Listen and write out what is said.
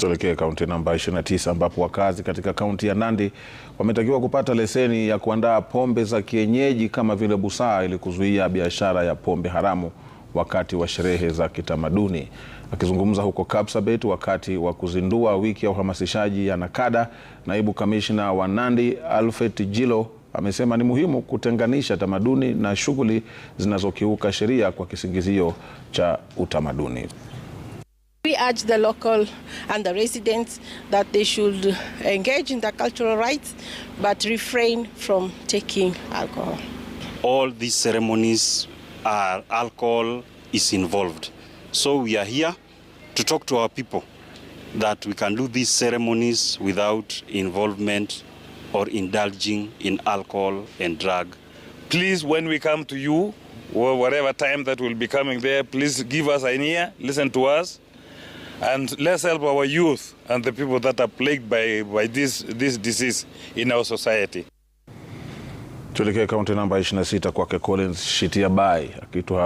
Tuelekee kaunti namba 29 ambapo wakazi katika kaunti ya Nandi wametakiwa kupata leseni ya kuandaa pombe za kienyeji kama vile busaa ili kuzuia biashara ya pombe haramu wakati wa sherehe za kitamaduni. Akizungumza huko Kapsabet wakati wa kuzindua wiki ya uhamasishaji ya Nakada, naibu kamishna wa Nandi Alfred Jilo amesema ni muhimu kutenganisha tamaduni na shughuli zinazokiuka sheria kwa kisingizio cha utamaduni. We urge the local and the residents that they should engage in their cultural rites, but refrain from taking alcohol. All these ceremonies are alcohol is involved. So we are here to talk to our people that we can do these ceremonies without involvement or indulging in alcohol and drug. Please, when we come to you, or whatever time that will be coming there, please give us an ear, listen to us, and let's help our youth and the people that are plagued by, by this, this disease in our society. Tuelekee kaunti namba 26 kwake Collins Shitiabai akitua